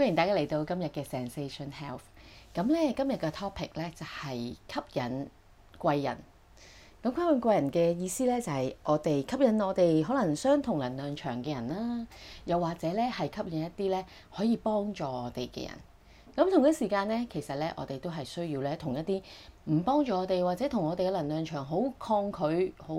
歡迎大家嚟到今日嘅 Zensation Health。咁咧，今日嘅 topic 咧就係吸引貴人。咁吸引貴人嘅意思咧，就係、是、我哋吸引我哋可能相同能量場嘅人啦，又或者咧係吸引一啲咧可以幫助我哋嘅人。咁同一時間咧，其實咧，我哋都係需要咧，同一啲唔幫助我哋或者同我哋嘅能量場好抗拒、好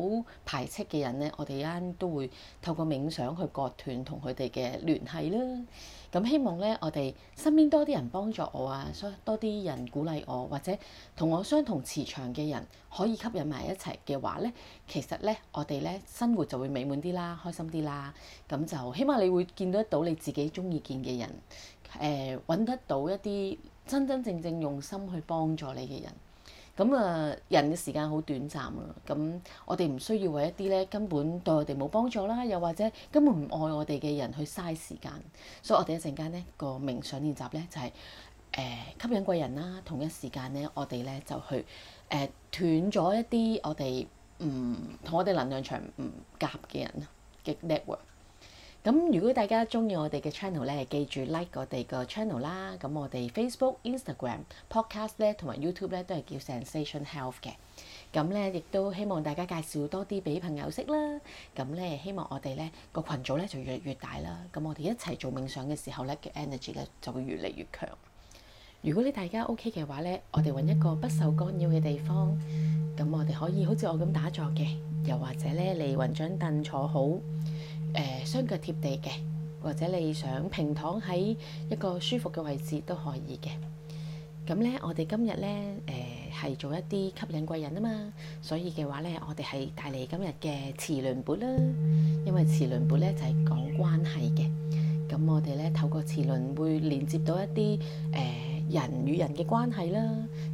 排斥嘅人咧，我哋一陣都會透過冥想去割斷同佢哋嘅聯繫啦。咁希望咧，我哋身邊多啲人幫助我啊，多多啲人鼓勵我，或者同我相同磁場嘅人可以吸引埋一齊嘅話咧，其實咧，我哋咧生活就會美滿啲啦，開心啲啦。咁就希望你會見得到你自己鍾意見嘅人。誒揾、呃、得到一啲真真正正用心去幫助你嘅人，咁、嗯、啊、呃、人嘅時間好短暫啊。咁、嗯、我哋唔需要為一啲咧根本對我哋冇幫助啦，又或者根本唔愛我哋嘅人去嘥時間，所以我哋一陣間呢個冥想練習咧就係、是、誒、呃、吸引貴人啦，同一時間咧我哋咧就去誒斷咗一啲我哋唔同我哋能量場唔夾嘅人嘅 network。咁如果大家中意我哋嘅 channel 咧，記住 like 我哋個 channel 啦。咁我哋 Facebook、Instagram、Podcast 咧，同埋 YouTube 咧，都係叫 Zensation Health 嘅。咁咧，亦都希望大家介紹多啲俾朋友識啦。咁咧，希望我哋咧個群組咧就越嚟越大啦。咁我哋一齊做冥想嘅時候咧嘅 energy 咧就會越嚟越強。如果你大家 OK 嘅話咧，我哋揾一個不受干擾嘅地方，咁我哋可以好似我咁打坐嘅，又或者咧你揾張凳坐好。誒，雙腳貼地嘅，或者你想平躺喺一個舒服嘅位置都可以嘅。咁呢，我哋今日呢誒、係、呃、做一啲吸引貴人啊嘛。所以嘅話呢，我哋係帶嚟今日嘅臍輪缽啦。因為臍輪缽呢就係、是、講關係嘅。咁我哋呢透過臍輪會連接到一啲誒、呃、人與人嘅關係啦。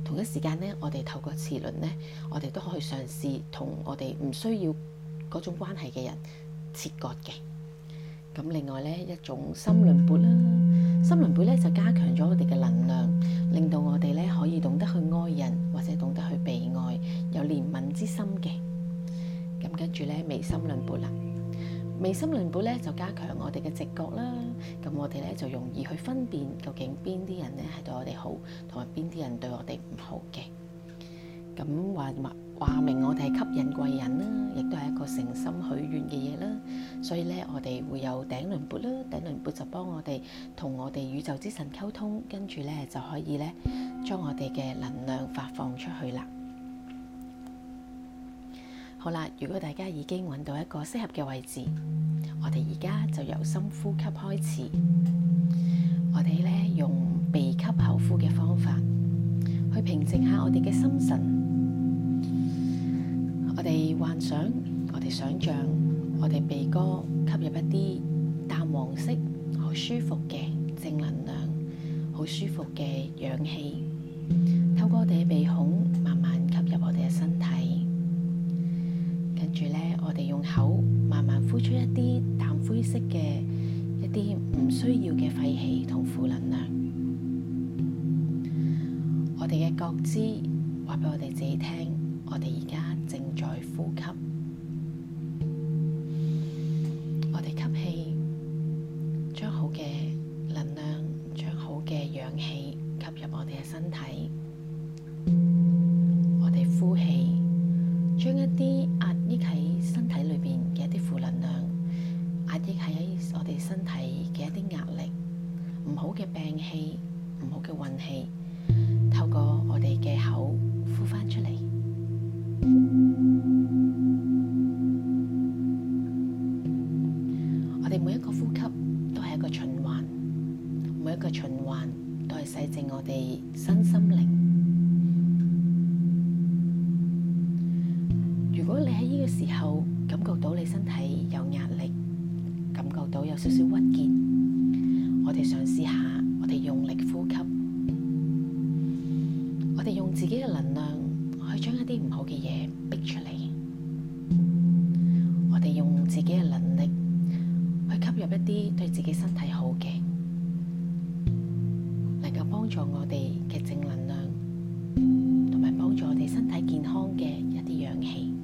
同一時間呢，我哋透過臍輪呢，我哋都可以嘗試同我哋唔需要嗰種關係嘅人切割嘅，咁另外咧一種心輪缽啦，心輪缽咧就加強咗我哋嘅能量，令到我哋咧可以懂得去愛人，或者懂得去被愛，有憐憫之心嘅。咁跟住咧眉心輪缽啦，眉心輪缽咧就加強我哋嘅直覺啦，咁我哋咧就容易去分辨究竟邊啲人咧係對我哋好，同埋邊啲人對我哋唔好嘅。咁話話話明我哋係吸引貴人。所以呢，我哋會有頂輪缽啦，頂輪缽就幫我哋同我哋宇宙之神溝通，跟住呢就可以呢將我哋嘅能量發放出去啦。好啦，如果大家已經揾到一個適合嘅位置，我哋而家就由深呼吸開始，我哋呢用鼻吸口呼嘅方法去平靜下我哋嘅心神，我哋幻想，我哋想像。我哋鼻哥吸入一啲淡黃色、好舒服嘅正能量、好舒服嘅氧氣，透過我哋嘅鼻孔慢慢吸入我哋嘅身體。跟住咧，我哋用口慢慢呼出一啲淡灰色嘅一啲唔需要嘅廢氣同負能量。我哋嘅覺知話俾我哋自己聽，我哋而家正在呼吸。係我哋身體嘅一啲壓力，唔好嘅病氣，唔好嘅運氣，透過我哋嘅口呼翻出嚟。 我哋每一個呼吸都係一個循環，每一個循環都係洗淨我哋身心靈。如果你喺呢個時候感覺到你身體有壓力，感覺到有少少鬱結，我哋嘗試下，我哋用力呼吸，我哋用自己嘅能量去將一啲唔好嘅嘢逼出嚟，我哋用自己嘅能力去吸入一啲對自己身體好嘅、能夠幫助我哋嘅正能量，同埋幫助我哋身體健康嘅一啲氧氣。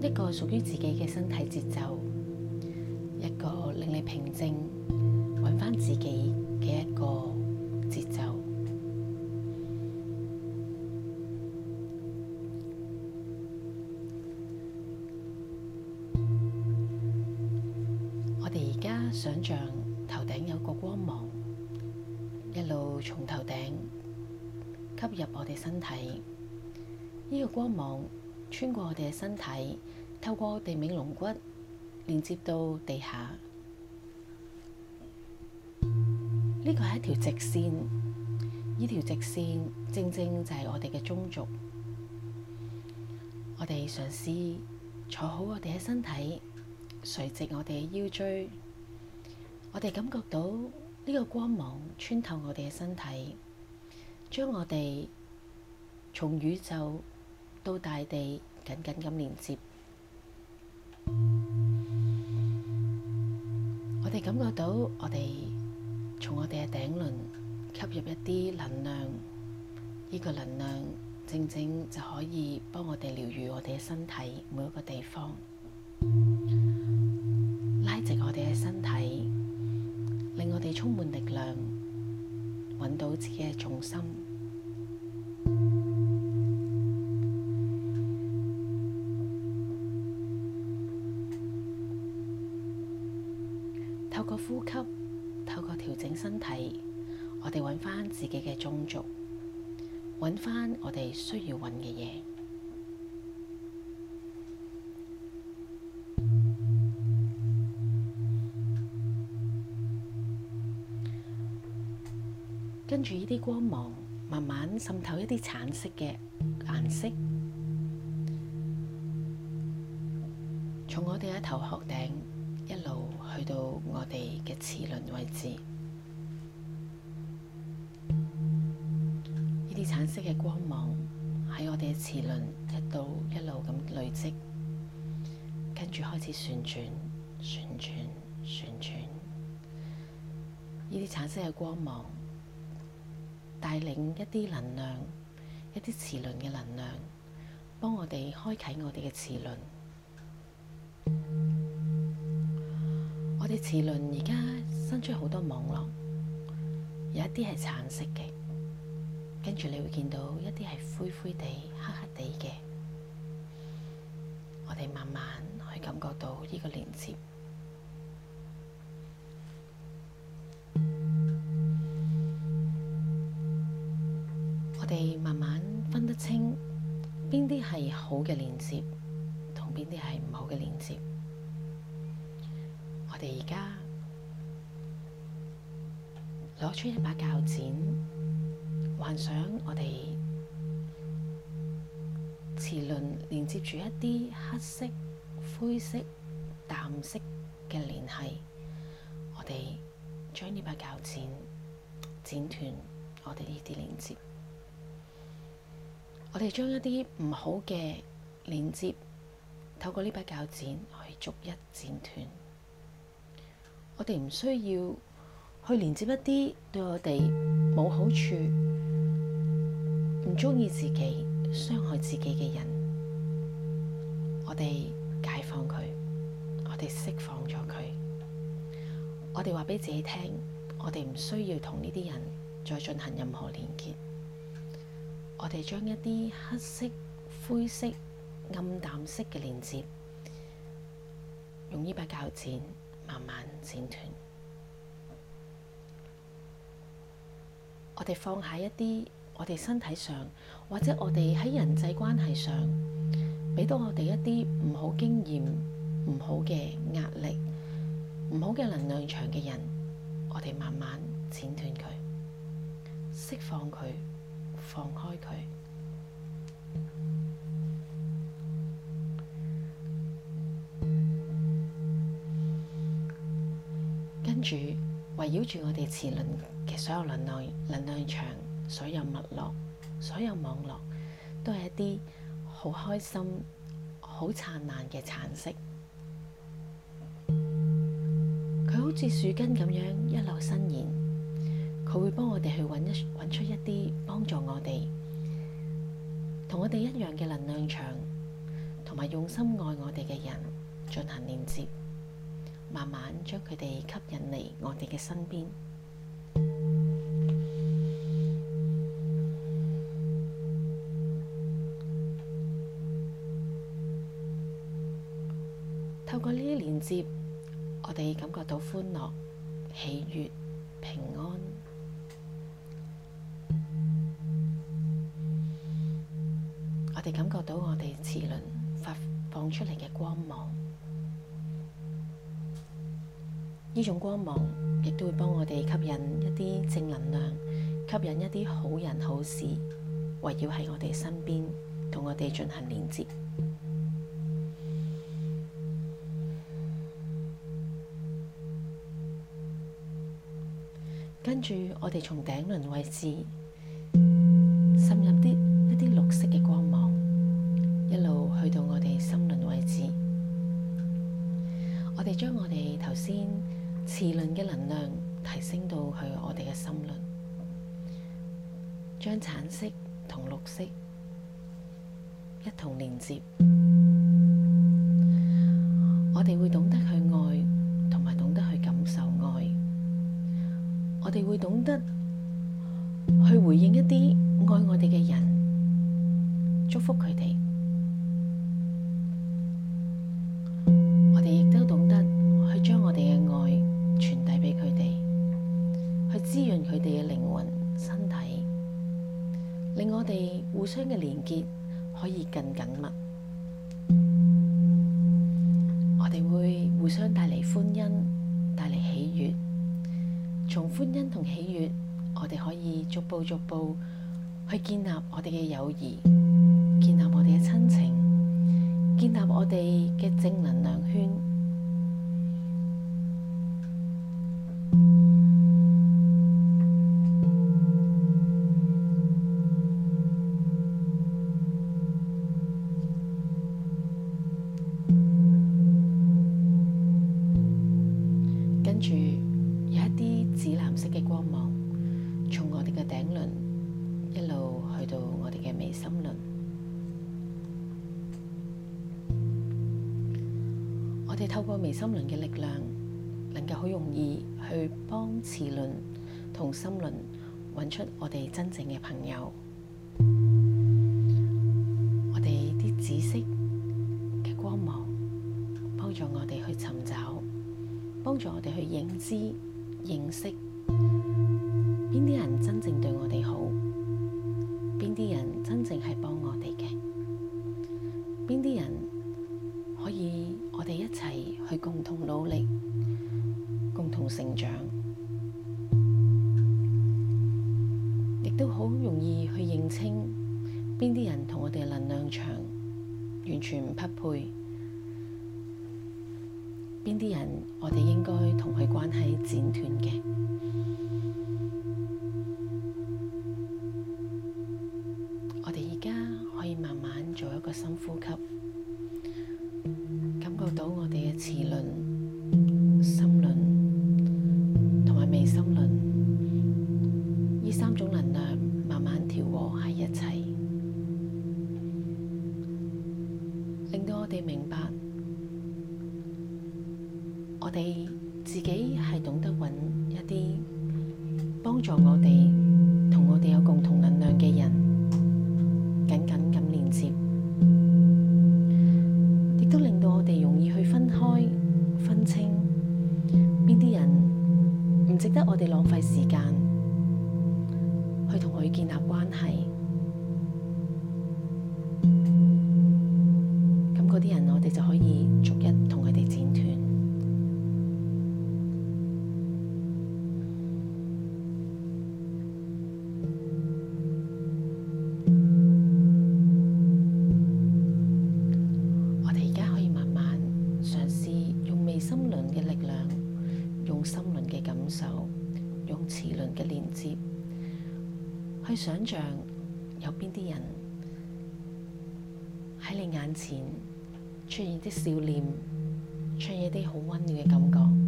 一個屬於自己嘅身體節奏，一個令你平靜、揾返自己嘅一個節奏。我哋而家想象頭頂有個光芒，一路從頭頂吸入我哋身體。呢個光芒穿過我哋嘅身體，透過地面龍骨連接到地下。呢個係一條直線，呢條直線正正就係我哋嘅中軸。我哋嘗試坐好我哋嘅身體，垂直我哋嘅腰椎。我哋感覺到呢個光芒穿透我哋嘅身體，將我哋從宇宙，到大地緊緊咁連接，我哋感覺到我哋從我哋嘅頂輪吸入一啲能量，呢個能量正正就可以幫我哋療癒我哋嘅身體每一個地方，拉直我哋嘅身體，令我哋充滿力量，揾到自己嘅重心。我哋揾翻自己嘅宗族，揾翻我哋需要揾嘅嘢。跟住呢啲光芒慢慢滲透一啲橙色嘅顏色，從我哋嘅頭殼頂一路去到我哋嘅臍輪位置。橙色嘅光芒喺我哋嘅臍輪一到一路咁累積，跟住開始旋轉、旋轉、旋轉。呢啲橙色嘅光芒帶領一啲能量，一啲臍輪嘅能量，幫我哋開啟我哋嘅臍輪。我哋臍輪而家生出好多網絡，有一啲係橙色嘅。跟住，你會見到一啲係灰灰地、黑黑地嘅。我哋慢慢去感覺到呢個連接。我哋慢慢分得清邊啲係好嘅連接，同邊啲係唔好嘅連接。我哋而家攞出一把鉸剪。幻想我哋臍輪連接住一啲黑色、灰色、淡色嘅聯繫，我哋將呢把鉸剪剪斷，我哋呢啲連接，我哋將一啲唔好嘅連接透過呢把鉸剪去逐一剪斷，我哋唔需要去連接一啲對我哋冇好處。唔鍾意自己、傷害自己嘅人，我哋解放佢，我哋釋放咗佢，我哋話畀自己聽，我哋唔需要同呢啲人再進行任何連結，我哋將一啲黑色、灰色、暗淡色嘅連結，用呢把鉸剪慢慢剪斷，我哋放下一啲。我哋身體上，或者我哋喺人際關係上，畀到我哋一啲唔好經驗、唔好嘅壓力、唔好嘅能量場嘅人，我哋慢慢剪斷佢，釋放佢，放開佢。跟住圍繞住我哋臍輪嘅所有能量能量場。所有脈絡，所有網絡都係一啲好開心、好燦爛嘅橙色。佢好似樹根咁樣一路伸延，佢會幫我哋去搵一搵出一啲幫助我哋同我哋一樣嘅能量場，同埋用心愛我哋嘅人進行連接，慢慢將佢哋吸引嚟我哋嘅身邊。我哋感覺到歡樂、喜悅、平安。我哋感覺到我哋臍輪發放出嚟嘅光芒，呢種光芒亦都會幫我哋吸引一啲正能量，吸引一啲好人好事，圍繞喺我哋身邊，同我哋進行連接。住我哋從頂輪位置滲入啲一啲綠色嘅光芒，一路去到我哋心輪位置。我哋將我哋頭先臍輪嘅能量提升到去我哋嘅心輪，將橙色同綠色一同連接，我哋會懂得去愛。我哋會懂得去回應一啲愛我哋嘅人，祝福佢哋。我哋亦都懂得去將我哋嘅愛傳遞畀佢哋，去滋潤佢哋嘅靈魂、身體，令我哋互相嘅連結可以更緊密。我哋會互相帶嚟歡欣。從歡欣同喜悅，我哋可以逐步逐步去建立我哋嘅友誼，建立我哋嘅親情，建立我哋嘅正能量圈。能能夠好容易去幫臍輪同心輪揾出我哋真正嘅朋友，我哋啲紫色嘅光芒幫助我哋去尋找，幫助我哋去認知認識邊啲人真正對我哋。能量場完全唔匹配，邊啲人我哋應該同佢關係剪斷嘅？我哋而家可以慢慢做一個深呼吸，感覺到我哋嘅臍輪、心輪同埋眉心輪，呢三種能量慢慢調和喺一齊。令到我哋明白，我哋自己係懂得揾一啲幫助我哋、同我哋有共同能量嘅人，緊緊咁連接，亦都令到我哋容易去分開、分清邊啲人唔值得我哋浪費時間，去同佢建立關係。心輪嘅力量，用心輪嘅感受，用臍輪嘅連接，去想象有邊啲人喺你眼前出現啲笑臉，出現啲好溫暖嘅感覺。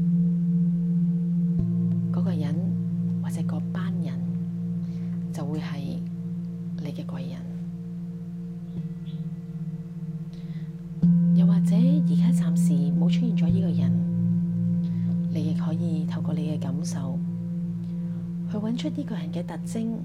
出呢個人嘅特徵。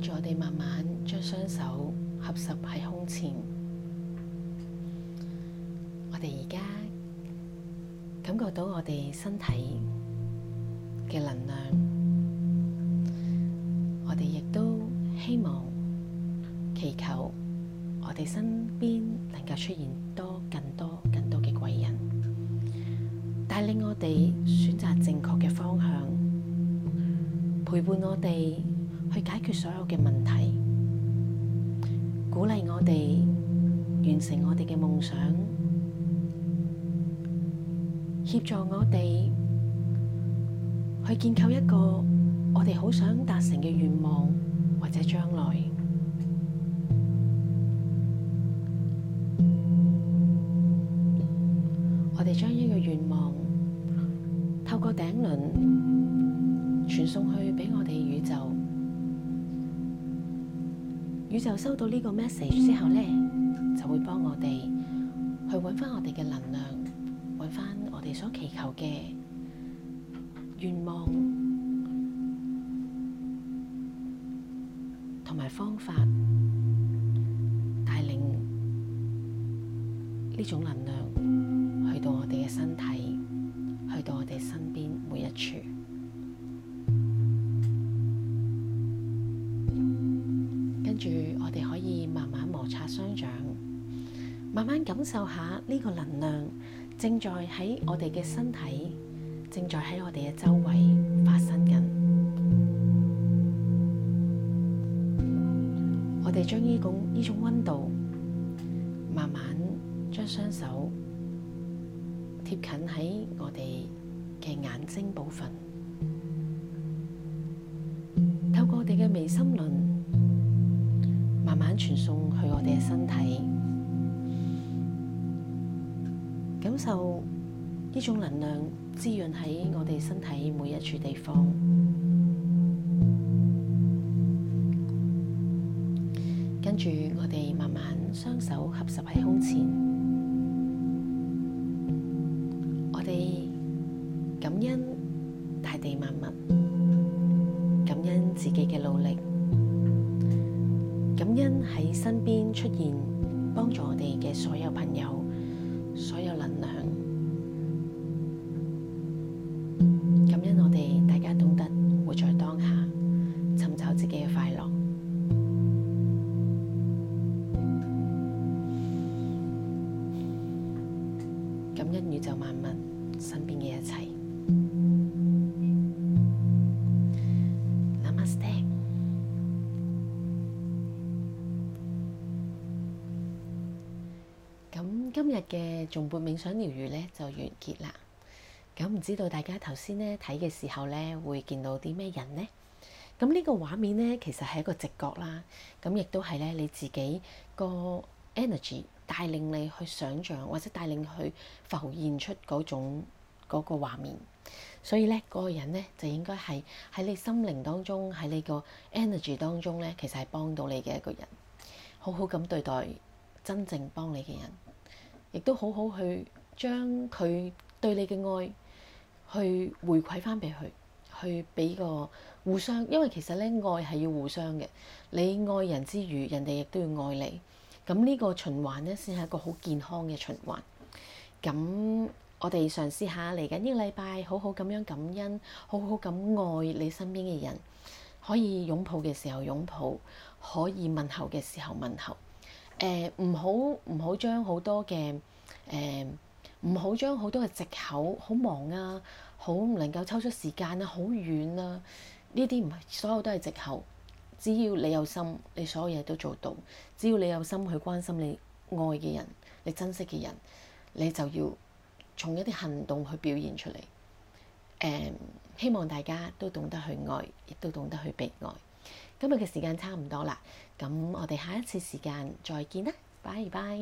我哋慢慢將雙手合十喺胸前，我哋而家感覺到我哋身體嘅能量，我哋亦都希望祈求我哋身邊能夠出現多更多更多嘅貴人，帶領我哋選擇正確嘅方向，陪伴我哋。去解決所有嘅問題，鼓勵我哋完成我哋嘅夢想，協助我哋去建構一個我哋好想達成嘅願望或者將來。我哋將呢個願望透過頂輪傳送去畀我哋宇宙。宇宙收到呢個 message 之後呢，就會幫我哋去揾返我哋嘅能量，揾返我哋所祈求嘅願望同埋方法，帶領呢種能量去到我哋嘅身體，去到我哋身邊每一處。住，我哋可以慢慢摩擦雙掌，慢慢感受下呢個能量正在喺我哋嘅身體，正在喺我哋嘅周圍發生緊。我哋將呢個呢種溫度，慢慢將雙手貼近喺我哋嘅眼睛部分，透過我哋嘅眉心輪。慢慢傳送去我哋嘅身體，感受呢種能量滋潤喺我哋身體每一處地方。跟住我哋慢慢雙手合十喺胸前，我哋感恩大地萬物，感恩自己嘅努力。喺身邊出現，幫助我哋嘅所有朋友，所有能量。嘅頌缽冥想療癒咧就完結啦。咁唔知道大家頭先咧睇嘅時候咧，會見到啲咩人咧？咁呢個畫面咧，其實係一個直覺啦。咁亦都係咧，你自己個 energy 帶領你去想象或者帶領去浮現出嗰種嗰、嗰個畫面。所以咧，嗰個人咧就應該係喺你心靈當中，喺你個 energy 當中咧，其實係幫到你嘅一個人。好好咁對待真正幫你嘅人。亦都好好去將佢對你嘅愛去回饋翻俾佢，去俾個互相，因為其實咧愛係要互相嘅。你愛人之餘，人哋亦都要愛你。咁呢個循環咧，先係一個好健康嘅循環。咁我哋嘗試下嚟緊呢個禮拜，好好咁樣感恩，好好咁愛你身邊嘅人，可以擁抱嘅時候擁抱，可以問候嘅時候問候。誒唔、呃、好唔好將好多嘅誒唔好將好多嘅藉口，好忙啊，好唔能夠抽出時間啊，好遠啊，呢啲唔係，所有都係藉口。只要你有心，你所有嘢都做到。只要你有心去關心你愛嘅人，你珍惜嘅人，你就要從一啲行動去表現出嚟。誒、呃，希望大家都懂得去愛，亦都懂得去被愛。今日嘅時間差唔多啦。咁，我哋下一次時間再見啦，拜拜。